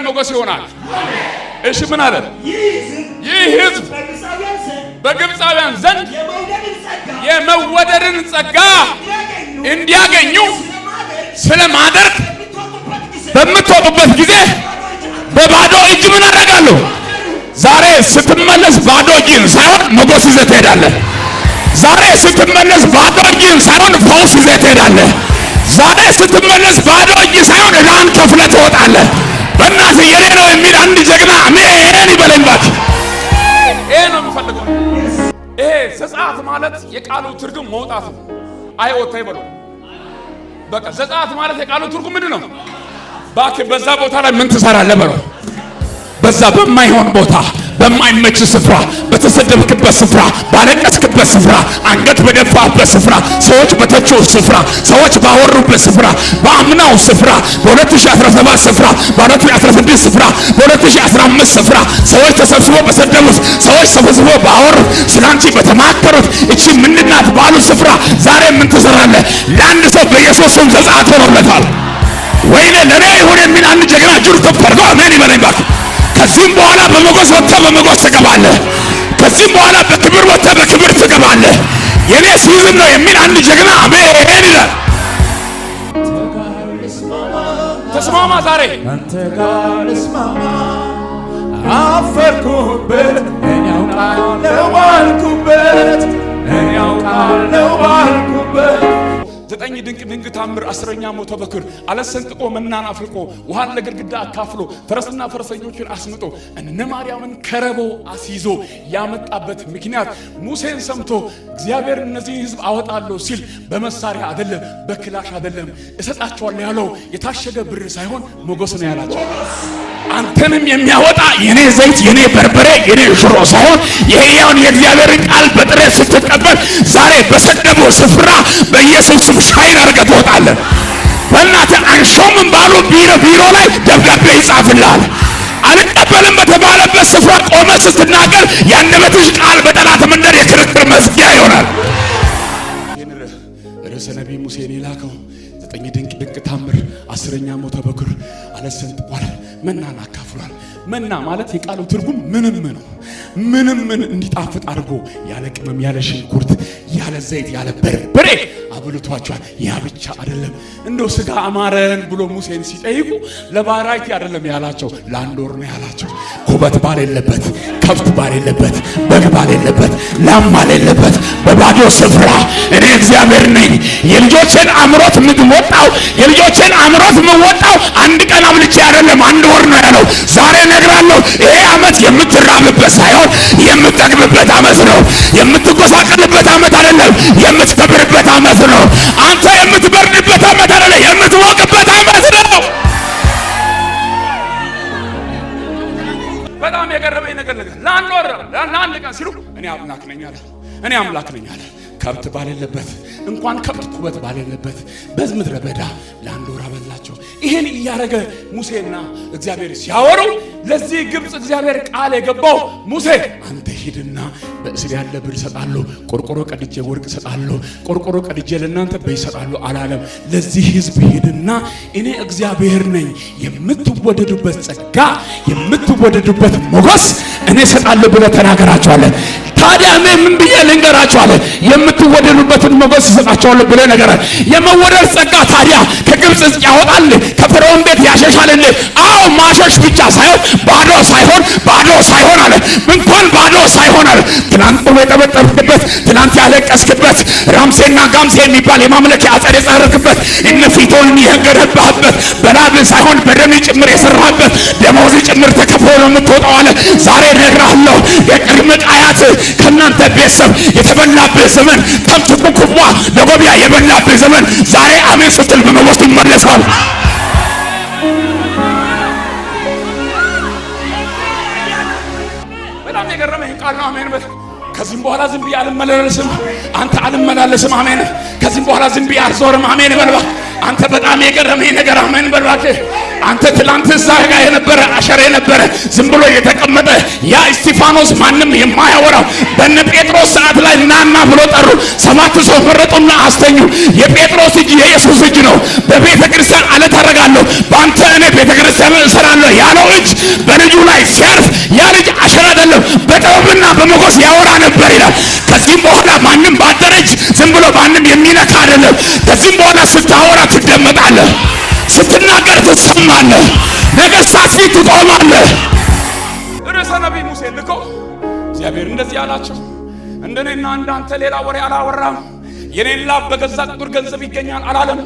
ክርስቲያን ሞገስ ይሆናል። እሺ ምን አለ? ይህ ህዝብ በግብፃውያን ዘንድ የመወደድን ጸጋ እንዲያገኙ ስለማደርግ በምትወጡበት ጊዜ በባዶ እጅ ምን አደርጋለሁ? ዛሬ ስትመለስ ባዶ እጅን ሳይሆን ሞገስ ይዘህ ትሄዳለህ። ዛሬ ስትመለስ ባዶ እጅን ሳይሆን ፈውስ ይዘህ ትሄዳለህ። ዛሬ ስትመለስ ባዶ እጅ ሳይሆን ራን ከፍለህ ትወጣለህ። በእናት የኔ ነው የሚል አንድ ጀግና አሜን ይበለኝባችሁ። ይሄ ነው የምፈልገው። ይሄ ዘጸአት ማለት የቃሉ ትርጉም መውጣት ነው። አይ ወጣ ይበሉ። በቃ ዘጸአት ማለት የቃሉ ትርጉም ምንድን ነው? ባክ በዛ ቦታ ላይ ምን ትሰራለህ በለው። በዛ በማይሆን ቦታ በማይመች ስፍራ፣ በተሰደብክበት ስፍራ፣ ባለቀስክበት ስፍራ፣ አንገት በደፋበት ስፍራ፣ ሰዎች በተቾህ ስፍራ፣ ሰዎች ባወሩበት ስፍራ፣ በአምናው ስፍራ፣ በ2017 ስፍራ፣ በ2016 ስፍራ፣ በ2015 ስፍራ ሰዎች ተሰብስበው በሰደቡት፣ ሰዎች ተሰብስበው ባወሩት፣ ስላንቺ በተማከሩት፣ እቺ ምንድናት ባሉ ስፍራ ዛሬ ምን ትሰራለህ? ለአንድ ሰው በኢየሱስም ስም ዘጻት ሆኖለታል። ወይኔ ለኔ ይሁን የሚል አንድ ጀግና እጁን ከፍ አድርጎ አሜን ይበለኝ ባክ ከዚህም በኋላ በመጎስ ወጥተ በመጎስ ትገባለህ። ከዚህም በኋላ በክብር ወጥተ በክብር ትገባለህ። የኔ ሲዝን ነው የሚል አንድ ጀግና አሜን ይላል። ተስማማ ዛሬ አንተ ጋር ልስማማ አፈርኩበት እኔ አውቃለሁ ባልኩበት እኔ አውቃለሁ ባልኩበት ዘጠኝ ድንቅ ድንቅ ታምር አስረኛ ሞተ በኩር አለሰንጥቆ መናን አፍልቆ ውሃን ለግድግዳ አካፍሎ ፈረስና ፈረሰኞችን አስምጦ እነ ማርያምን ከረቦ አስይዞ ያመጣበት ምክንያት ሙሴን ሰምቶ እግዚአብሔር እነዚህ ሕዝብ አወጣለሁ ሲል በመሳሪያ አይደለም፣ በክላሽ አይደለም እሰጣቸዋለሁ ያለው የታሸገ ብር ሳይሆን ሞገስ ነው ያላቸው። አንተንም የሚያወጣ የኔ ዘይት፣ የኔ በርበሬ፣ የኔ ሽሮ ሳይሆን የሕያውን የእግዚአብሔርን ቃል በጥሬ ስትቀበል ዛሬ በሰደበው ስፍራ በኢየሱስ ሻይን አድርገህ ትወጣለህ። በእናትህ አንሾምም ባሉ ቢሮ ቢሮ ላይ ደብዳቤ ይጻፍልሃል። አልቀበልም በተባለበት ስፍራ ቆመ ስትናገር የአንደበትሽ ቃል በጠላት መንደር የክርክር መዝጊያ ይሆናል። ርዕሰ ነቢይ ሙሴን የላከው ዘጠኝ ድንቅ ድንቅ ታምር አስረኛ ሞተ በኩር አለሰንጥቋል፣ መናን አካፍሏል። መና ማለት የቃሉ ትርጉም ምንም ነው። ምንም ምን እንዲጣፍጥ አድርጎ ያለ ቅመም ያለ ሽንኩርት ያለ ዘይት ያለ በርበሬ አጎልቷቸዋል። ያ ብቻ አይደለም፣ እንደ ስጋ አማረን ብሎ ሙሴን ሲጠይቁ ለባራይቲ አይደለም ያላቸው፣ ለአንድ ወር ነው ያላቸው። ኩበት ባሌለበት፣ ከብት ባሌለበት፣ በግ ባሌለበት፣ ላም ባሌለበት፣ በባዶ ስፍራ እኔ እግዚአብሔር ነኝ። የልጆችን አምሮት ምትወጣው የልጆችን አምሮት ምወጣው አንድ ቀን አምልቼ አይደለም፣ አንድ ወር ነው ያለው። ዛሬ ነግራለሁ፣ ይሄ ዓመት የምትራብበት ሳይሆን የምትጠግብበት አመት ነው። አንተ የምትበርድበት አመት አለ፣ የምትሞቅበት አመት ነው። በጣም የቀረበኝ ነገር ነገር ለአንድ ወር ለአንድ ቀን ሲሉ እኔ አምላክ ነኝ አለ፣ እኔ አምላክ ነኝ አለ። ከብት ባሌለበት እንኳን ከብት ኩበት ባሌለበት በምድረ በዳ ለአንድ ወር አበላቸው። ይህን እያደረገ ሙሴና እግዚአብሔር ሲያወሩ ለዚህ ግብፅ እግዚአብሔር ቃል የገባው ሙሴ አንተ ሂድና በእስር ያለ ብር እሰጣለሁ፣ ቆርቆሮ ቀድጄ ወርቅ እሰጣለሁ፣ ቆርቆሮ ቀድጄ ለእናንተ በይ እሰጣለሁ አላለም። ለዚህ ህዝብ ሂድና እኔ እግዚአብሔር ነኝ፣ የምትወደዱበት ጸጋ፣ የምትወደዱበት ሞገስ እኔ እሰጣለሁ ብለ ተናገራቸዋለን። ታዲያ እኔ ምን ብዬ ልንገራቸዋለን? የምትወደዱበትን ሞገስ እሰጣቸዋለሁ ብለ ነገር የመወደድ ጸጋ ታዲያ ከግብፅ ያወጣል ከፈርዖን ቤት ያሸሻልልህ። አዎ ማሸሽ ብቻ ሳይሆን ባዶ ሳይሆን ባዶ ሳይሆን አለ እንኳን ባዶ ካሳ ይሆናል። ትናንት ብሎ የጠበጠብክበት፣ ትናንት ያለቀስክበት፣ ራምሴና ጋምሴ የሚባል የማምለኪያ አጸድ የጻረክበት፣ እነ ፊቶን የገረባህበት፣ በላብህ ሳይሆን በደም ጭምር የሰራበት ደሞዝ ጭምር ተከፍሎ ነው የምትወጣው አለ። ዛሬ እነግርሃለሁ የቅድመ አያት ከእናንተ ቤተሰብ የተበላብህ ዘመን ከምትቁ ኩቧ ለጎቢያ የበላብህ ዘመን ዛሬ አሜን ስትል በመወስ ይመለሳል። የገረመኝ ቃል ነው። አሜን በል። ከዚህም በኋላ ዝም ብዬ አልመላለስም። አንተ አልመላለስም። አሜን። ከዚህም በኋላ ዝም ብዬ አልዞርም። አሜን በል። አንተ በጣም የገረመኝ ነገር አሜን በል በልባክ አንተ ትላንት እዛ ጋር የነበረ አሸር የነበረ ዝም ብሎ የተቀመጠ ያ እስጢፋኖስ ማንም የማያወራው በነ ጴጥሮስ ሰዓት ላይ ናና ብሎ ጠሩ። ሰባት ሰው መረጡና አስተኙ። የጴጥሮስ እጅ የኢየሱስ እጅ ነው። በቤተ ክርስቲያን አለት አደርጋለሁ፣ በአንተ እኔ ቤተ ክርስቲያን እሰራለሁ ያለው በጥበብና በመጎስ ያወራ ነበር ይላል። ከዚህም በኋላ ማንም ባደረጅ ዝም ብሎ ማንም የሚነካ አይደለም። ከዚህም በኋላ ስታወራ ትደመጣለህ፣ ስትናገር ትሰማለህ፣ ነገሥታት ፊት ትቆማለህ። ርዕሰ ነቢይ ሙሴ ልኮ እግዚአብሔር እንደዚህ አላቸው፣ እንደኔና እንዳንተ ሌላ ወሬ አላወራም። የኔላ በገዛ ቁጥር ገንዘብ ይገኛል አላለም።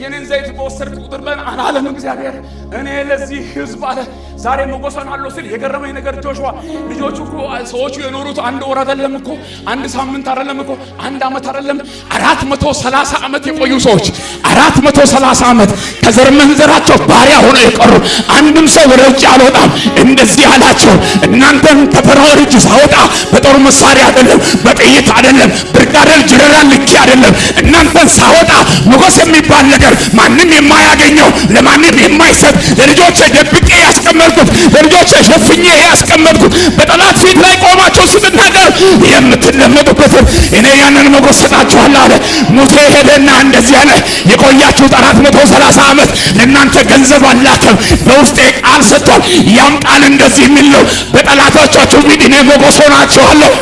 ይህንን ዘይት በወሰድ ቁጥር በን አላለም እግዚአብሔር። እኔ ለዚህ ህዝብ አለ ዛሬ ሞገሷን አለው ስል የገረመኝ ነገር ጆሹዋ ልጆቹ እኮ ሰዎቹ የኖሩት አንድ ወር አደለም እኮ አንድ ሳምንት አደለም እኮ አንድ ዓመት አደለም አራት መቶ ሰላሳ ዓመት የቆዩ ሰዎች አራት መቶ ሰላሳ ዓመት ከዘር መንዘራቸው ባሪያ ሆነው የቀሩ አንድም ሰው ወደ ውጭ አልወጣም። እንደዚህ አላቸው፣ እናንተን ከፈርዖን እጅ ሳወጣ በጦር መሳሪያ አደለም በጥይት አደለም ብርጋዴር ጄኔራል ልኪ አደለም እናንተን ሳወጣ ሞገስ የሚ የማይባል ነገር ማንም የማያገኘው ለማንም የማይሰጥ ለልጆች ደብቄ ያስቀመጥኩት ለልጆች ሸፍኜ ያስቀመጥኩት በጠላት ፊት ላይ ቆማቸው ስትናገር የምትለመጡበትን እኔ ያንን ሞገስ ሰጣችኋለሁ አለ። ሙሴ ሄደና እንደዚህ አለ፣ የቆያችሁት አራት መቶ ሰላሳ ዓመት ለእናንተ ገንዘብ አላተም በውስጤ ቃል ሰጥቷል። ያም ቃል እንደዚህ የሚል ነው፣ በጠላቶቻችሁ ፊት እኔ ሞገስ ሆናችኋለሁ።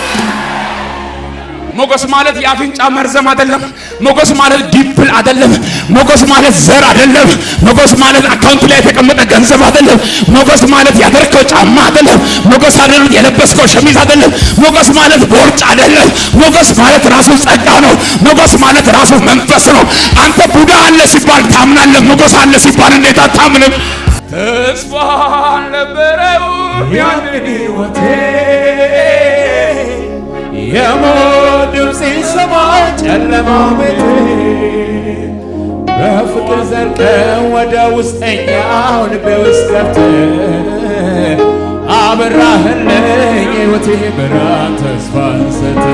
ሞገስ ማለት የአፍንጫ መርዘም አይደለም። ሞገስ ማለት ዲፕል አይደለም። ሞገስ ማለት ዘር አይደለም። ሞገስ ማለት አካውንት ላይ የተቀመጠ ገንዘብ አይደለም። ሞገስ ማለት ያደረከው ጫማ አይደለም። ሞገስ አይደለም የለበስከው ሸሚዝ አይደለም። ሞገስ ማለት ቦርጭ አይደለም። ሞገስ ማለት ራሱ ጸጋ ነው። ሞገስ ማለት ራሱ መንፈስ ነው። አንተ ቡዳ አለ ሲባል ታምናለህ። ሞገስ አለ ሲባል እንዴት አታምንም? ተስፋ ነበረው ያንን ህይወቴ የሞ ጨለማው ቤት በፍቅር ዘልቀ ወደ ውስጠኛው ልቤ ውስጥ ገብተ አበራህልኝ ሕይወቴ ብርሃን ተስፋ ሰተ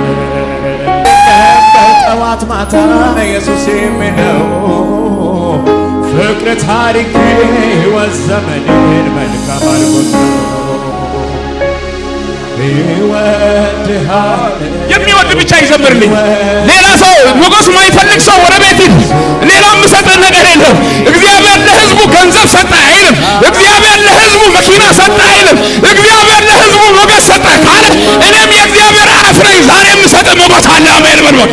ጠዋት ማታ ኢየሱስ የሚለው ፍቅር ታሪክ ሕይወት ዘመንን መልካም አድርጎት የሚወድ ብቻ ይዘምርልኝ። ሌላ ሰው ንጉሥ ማይፈልግ ሰው ወደ ቤት ይሂድ። ሌላ የምሰጥህ ነገር የለም። እግዚአብሔር ለሕዝቡ ገንዘብ ሰጠ አይልም። እግዚአብሔር ለሕዝቡ መኪና ሰጠ አይልም። እግዚአብሔር ለሕዝቡ ሞገስ ሰጠ ካለ እኔም የእግዚአብሔር አፍ ነኝ። ዛሬ የምሰጥህ ሞገስ አለ። አሜን በልበል።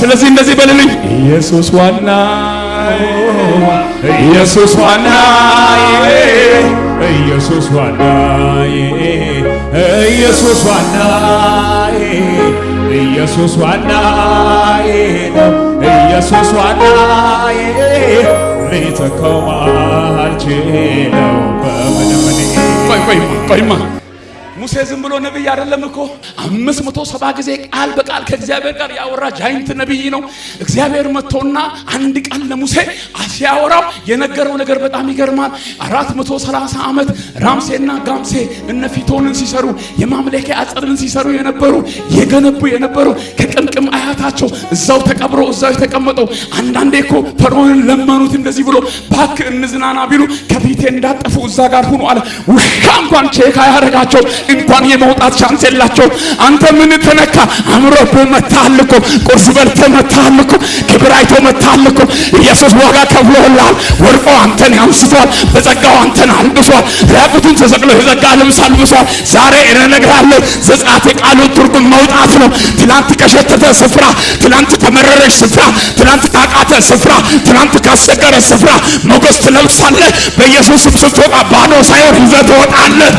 ስለዚህ እንደዚህ በልልኝ ኢየሱስ ዋና ኢየሱስ ዋና ኢየሱስ ዋናዬ ኢየሱስ ዋናዬ ኢየሱስ ዋናዬ ነው ኢየሱስ ዋናዬ ሊተካው አልችለው በምንም እኔ ቆይ ቆይማ ቆይማ ሙሴ ዝም ብሎ ነቢይ አይደለም እኮ አምስት መቶ ሰባ ጊዜ ቃል በቃል ከእግዚአብሔር ጋር ያወራ ጃይንት ነቢይ ነው። እግዚአብሔር መጥቶና አንድ ቃል ለሙሴ ሲያወራው የነገረው ነገር በጣም ይገርማል። አራት መቶ ሰላሳ ዓመት ራምሴና ጋምሴ እነ ፊቶንን ሲሰሩ የማምለኪያ አጽርን ሲሰሩ የነበሩ የገነቡ የነበሩ ከቅምቅም አያታቸው እዛው ተቀብሮ እዛው የተቀመጠው አንዳንዴ እኮ ፈርዖንን ለመኑት እንደዚህ ብሎ ባክ እንዝናና ቢሉ ከፊቴ እንዳጠፉ እዛ ጋር ሁኑ አለ። ውሻ እንኳን ቼክ አያደርጋቸው እንኳን የመውጣት ቻንስ የላቸው። አንተ ምን ተነካ? አምሮ በመታልኩ ቁርስ በልተህ መታልኩ ክብር አይቶ መታልኩ እኮ ኢየሱስ ዋጋ ከፍሎልሃል። ወድቆ አንተን አንስቷል። በጸጋው አንተን አልብሷል። ራቁቱን ተሰቅሎ የጸጋ ልብስ አልብሷል። ዛሬ እነግርሃለሁ ዘጻት የቃሉን ትርጉም መውጣት ነው። ትላንት ከሸተተ ስፍራ፣ ትላንት ከመረረሽ ስፍራ፣ ትላንት ካቃተ ስፍራ፣ ትላንት ካስቸገረ ስፍራ ሞገስ ትለብሳለህ። ስም ስትወጣ ባዶ ሳይሆን ይዘህ ትወጣለህ።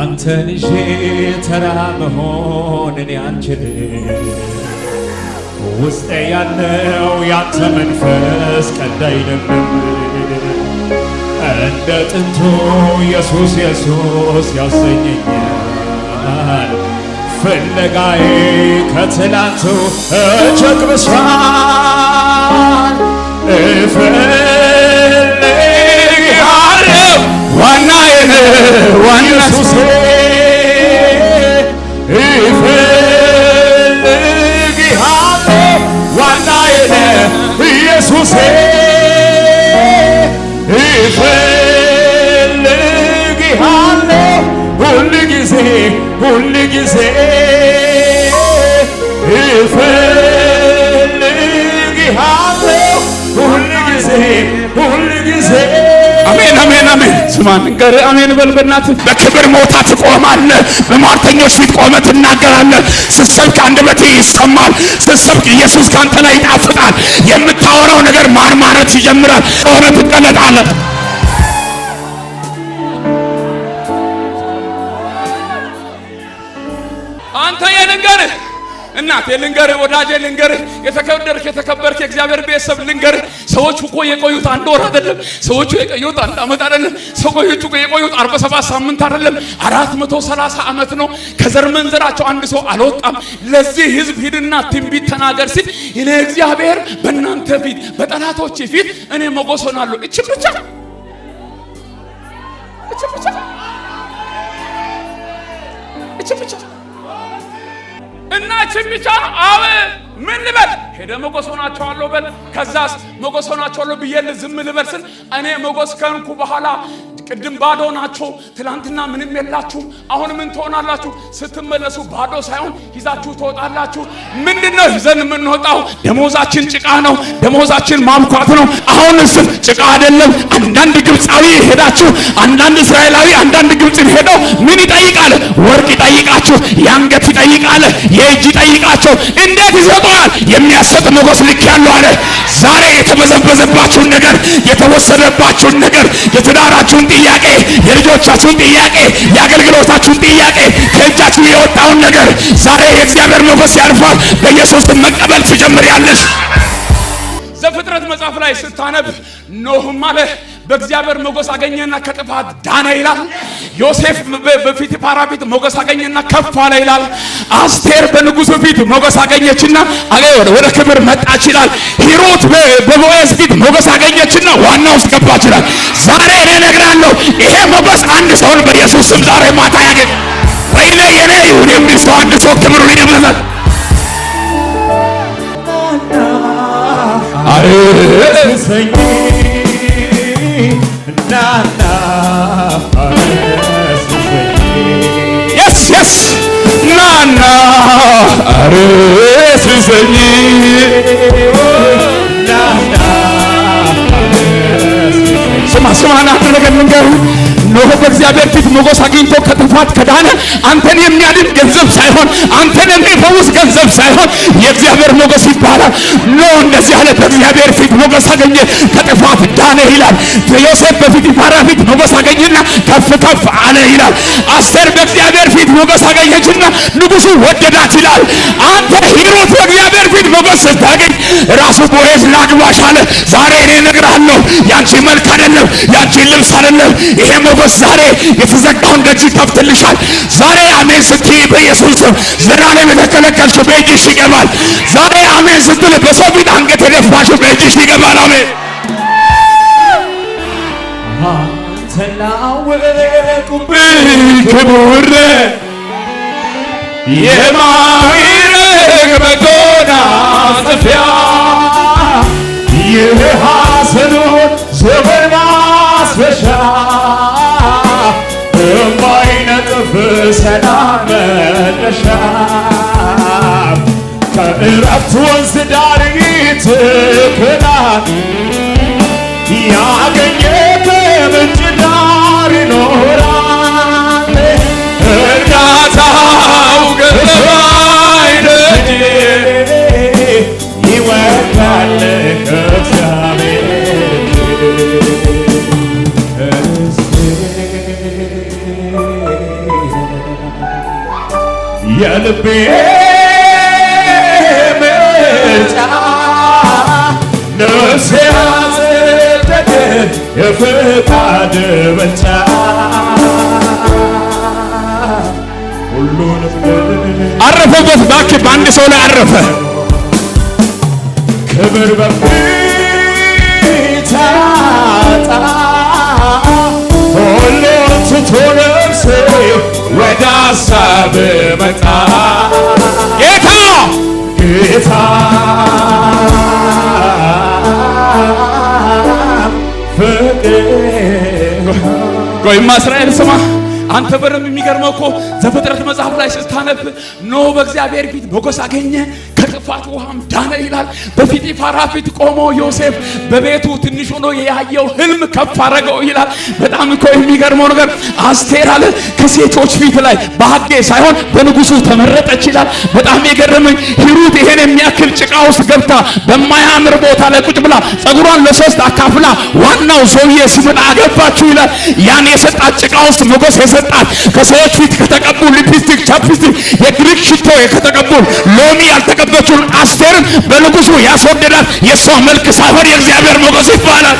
አንተን ይዤ ተራ መሆን እኔ አልችልም። ውስጤ ያለው ያንተ መንፈስ ቀዳይ ነበር። እንደ ጥንቱ ኢየሱስ ኢየሱስ ያሰኘኛል። ፍለጋዬ ከትላንቱ እጅግ ብሷል። ዋና ይፈልግሃለ ሁል ጊዜ ሁል ጊዜ ይፈ አሜን ስማ ንገር አሜን በል በእናትህ በክብር ሞታ ትቆማለህ። በሟርተኞች ፊት ቆመ ትናገራለህ። ስትሰብክ አንደበትህ ይሰማል። ስትሰብክ ኢየሱስ ካንተ ላይ ይጣፍጣል። የምታወራው ነገር ማርማረት ይጀምራል። ሆነ ትቀለጣለህ። አንተ የልንገርህ እናት የልንገርህ ወዳጄ ልንገርህ የተከበርክ የተከበርክ የእግዚአብሔር ቤተሰብ ልንገርህ ሰዎች እኮ የቆዩት አንድ ወር አይደለም። ሰዎቹ የቆዩት አንድ ዓመት አይደለም። ሰዎቹ እኮ የቆዩት 47 ሳምንት አይደለም፣ 430 ዓመት ነው። ከዘር መንዘራቸው አንድ ሰው አልወጣም። ለዚህ ህዝብ ሂድና ትንቢት ተናገር ሲል እኔ እግዚአብሔር በእናንተ ፊት በጠላቶች ፊት እኔ ሞገስ ሆናለሁ። እቺ ብቻ እቺ ብቻ እቺ ብቻ እና ብቻ አሜን። ምን ልበል? ሄደ መጎስ ሆናቸዋለሁ በል። ከዛስ መጎስ ሆናቸዋለሁ ብዬ ዝም ልበል ስል እኔ መጎስ ከንኩ በኋላ ቅድም ባዶ ናቸው፣ ትላንትና ምንም የላችሁም፣ አሁን ምን ትሆናላችሁ? ስትመለሱ ባዶ ሳይሆን ይዛችሁ ትወጣላችሁ። ምንድን ነው ይዘን የምንወጣው? ደሞዛችን ጭቃ ነው፣ ደሞዛችን ማምኳት ነው። አሁን እስፍ ጭቃ አይደለም። አንዳንድ ግብፃዊ ሄዳችሁ፣ አንዳንድ እስራኤላዊ፣ አንዳንድ ግብፅን ሄደው ምን ይጠይቃል? ወርቅ ይጠይቃችሁ፣ የአንገት ይጠይቃል፣ የእጅ ይጠይቃቸው። እንዴት ይሰጠዋል? የሚያሰጥ ሞገስ ልክ ያለው አለ። ዛሬ የተበዘበዘባችሁን ነገር የተወሰደባችሁን ነገር የቤታችሁን ጥያቄ፣ የልጆቻችሁን ጥያቄ፣ የአገልግሎታችሁን ጥያቄ፣ ከእጃችሁ የወጣውን ነገር ዛሬ የእግዚአብሔር መንፈስ ያልፏል። በኢየሱስም መቀበል ትጀምሪያለሽ። ዘፍጥረት መጽሐፍ ላይ ስታነብ ኖህም አለ በእግዚአብሔር ሞገስ አገኘና ከጥፋት ዳነ ይላል። ዮሴፍ በፊቲፓራ ፊት ሞገስ አገኘና ከፍ አለ ይላል። አስቴር በንጉሱ ፊት ሞገስ አገኘችና ወደ ክብር መጣች ይላል። ሂሩት በቦዔዝ ፊት ሞገስ አገኘችና ዋና ውስጥ ገባች ይላል። ከኃጢአት ከዳነ አንተን የሚያድን ገንዘብ ሳይሆን አንተን የሚፈውስ ገንዘብ ሳይሆን የእግዚአብሔር ሞገስ ይባላል። ኖ እንደዚህ አለ፣ በእግዚአብሔር ፊት ሞገስ አገኘ፣ ከጥፋት ዳነ ይላል። በፊት በፊቲፋራ ፊት ሞገስ አገኘና ከፍ ከፍ አለ ይላል። አስቴር በእግዚአብሔር ፊት ሞገስ አገኘችና ንጉሱ ወደዳት ይላል። አንተ ሂሩት በእግዚአብሔር ፊት ሞገስ ስታገኝ ራሱ ቦዔዝ ላግባሽ አለ። ዛሬ እኔ እነግርሃለሁ ያንቺ መልክ አይደለም፣ ያቺን ልብስ አይደለም። ይሄ ሞገስ ዛሬ የተዘጋውን ደጅ ይከፍትልሻል። ዛሬ አሜን ስትይ በኢየሱስ ስም ዘላለም የተከለከልሽው በእጅሽ ይገባል። ዛሬ አሜን ስትል በሰው ፊት አንገት የደፋሽው በእጅሽ ይገባል። አሜን ክቡር የማይረግ መጎናጸፊያ የሐሰኑን ዘመ በሰላም መነሻ ከእረፍት ወንዝ ዳር ትክና የልቤ ምርጫ ነፍሴ አጸደቀ የፈቃድ ብልጫ አረፈበት ባክ በአንድ ሰው ላይ አረፈ። ክብር በፊት ሁሉን ትቶ ራሴ ወደ ሀሳብ መጣ ጌታ ጌታ ፍቅር እስራኤል ስማ አንተ በደንብ የሚገርመው እኮ ዘፍጥረት መጽሐፍ ላይ ስታነብ ኖህ በእግዚአብሔር ፊት ሞገስ አገኘ፣ ከጥፋት ውሃም ዳነ ይላል። በጲጥፋራ ፊት ቆሞ ዮሴፍ በቤቱ ትንሽ ሆኖ ያየው ህልም ከፍ አረገው ይላል። በጣም እኮ የሚገርመው ነገር አስቴር አለ ከሴቶች ፊት ላይ በሀጌ ሳይሆን በንጉሱ ተመረጠች ይላል። በጣም የገረመኝ ሂሩት ይሄን የሚያክል ጭቃ ውስጥ ገብታ በማያምር ቦታ ላይ ቁጭ ብላ ጸጉሯን ለሶስት አካፍላ ዋናው ሰውዬ ሲመጣ አገባችሁ ይላል። ያን የሰጣት ጭቃ ውስጥ ሞገስ የሰ ከመጠጣት ከሰዎች ፊት ከተቀቡ ሊፕስቲክ፣ ቻፕስቲክ፣ የግሪክ ሽቶ ከተቀቡ ሎሚ ያልተቀበችውን አስቴርን በንጉሱ ያስወደዳል። የእሷ መልክ ሳፈር የእግዚአብሔር ሞገስ ይባላል።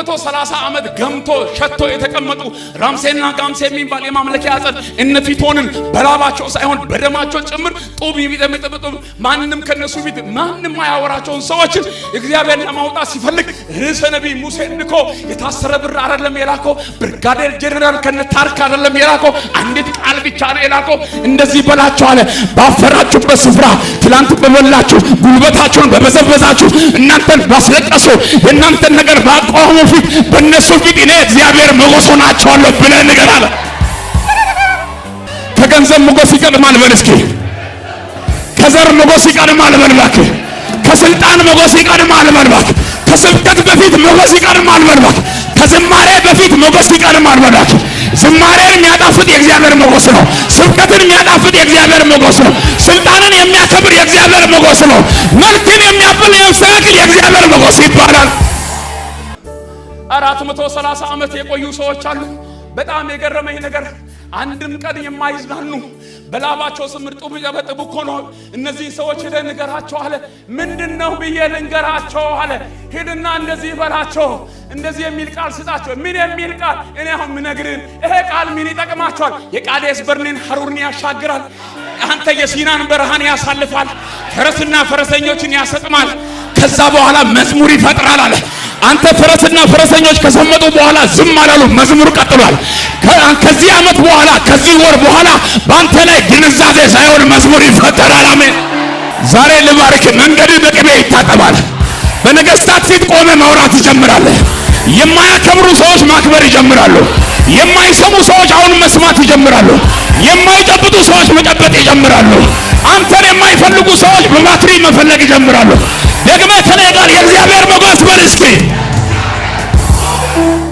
መቶ ሰላሳ ዓመት ገምቶ ሸቶ የተቀመጡ ራምሴና ጋምሴ የሚባል የማምለኪያ አጸድ እነ ፊቶንን በላባቸው ሳይሆን በደማቸው ጭምር ጡብ የሚጠመጠምጡ ማንም ከነሱ ፊት ማንም አያወራቸውን ሰዎችን እግዚአብሔር ለማውጣት ሲፈልግ ርዕሰ ነቢይ ሙሴን ልኮ የታሰረ ብር አይደለም የላከው። ብርጋዴር ጄኔራል ከነ ታሪክ አይደለም የላከው። አንዲት ቃል ብቻ ነው የላከው። እንደዚህ በላቸው አለ። ባፈራችሁበት ስፍራ ትላንት በበላችሁ ጉልበታችሁን በበዘበዛችሁ እናንተን ባስለቀሰው የእናንተን ነገር ባቋሙ ፊት በእነሱ ፊት እኔ እግዚአብሔር ሞገሱ ናቸዋለሁ ብለን አለ። ከገንዘብ ሞገስ ይቀድማል በል እስኪ። ከዘር ሞገስ ይቀድማል በል እባክህ። ከስልጣን ሞገስ ይቀድማል በል እባክህ። ከስብከት በፊት ሞገስ ይቀድማል በል እባክህ። ከዝማሬ በፊት ሞገስ ይቀድማል በል እባክህ። ዝማሬን የሚያጣፍጥ የእግዚአብሔር ሞገስ ነው። ስብከትን የሚያጣፍጥ የእግዚአብሔር ሞገስ ነው። ስልጣንን የሚያከብር የእግዚአብሔር ሞገስ ነው። መልክን የሚያብል የእግዚአብሔር አራት መቶ ሰላሳ ዓመት የቆዩ ሰዎች አሉ። በጣም የገረመኝ ነገር አንድም ቀን የማይዝናኑ በላባቸው ስምርጡ ቢጨበጥብ እኮ ነው። እነዚህን ሰዎች ሄደ ንገራቸው አለ። ምንድን ነው ብዬ ልንገራቸው አለ። ሄድና እንደዚህ በላቸው፣ እንደዚህ የሚል ቃል ስጣቸው። ምን የሚል ቃል? እኔ አሁን ምነግርን ይሄ ቃል ምን ይጠቅማቸዋል? የቃዴስ በርኔን ሐሩርን ያሻግራል። አንተ የሲናን በረሃን ያሳልፋል። ፈረስና ፈረሰኞችን ያሰጥማል። ከዛ በኋላ መዝሙር ይፈጥራል አለ አንተ ፈረስና ፈረሰኞች ከሰመጡ በኋላ ዝም አላሉ። መዝሙር ቀጥሏል። ከዚህ ዓመት በኋላ ከዚህ ወር በኋላ በአንተ ላይ ግንዛቤ ሳይሆን መዝሙር ይፈጠራል። አሜን። ዛሬ ልባርክ። መንገድ በቅቤ ይታጠባል። በነገስታት ፊት ቆመ ማውራት ይጀምራል የማያከብሩ ሰዎች ማክበር ይጀምራሉ። የማይሰሙ ሰዎች አሁን መስማት ይጀምራሉ። የማይጨብጡ ሰዎች መጨበጥ ይጀምራሉ። አንተን የማይፈልጉ ሰዎች በባትሪ መፈለግ ይጀምራሉ። ደግመ ተለይ ጋር የእግዚአብሔር መጓዝ በል እስኪ you.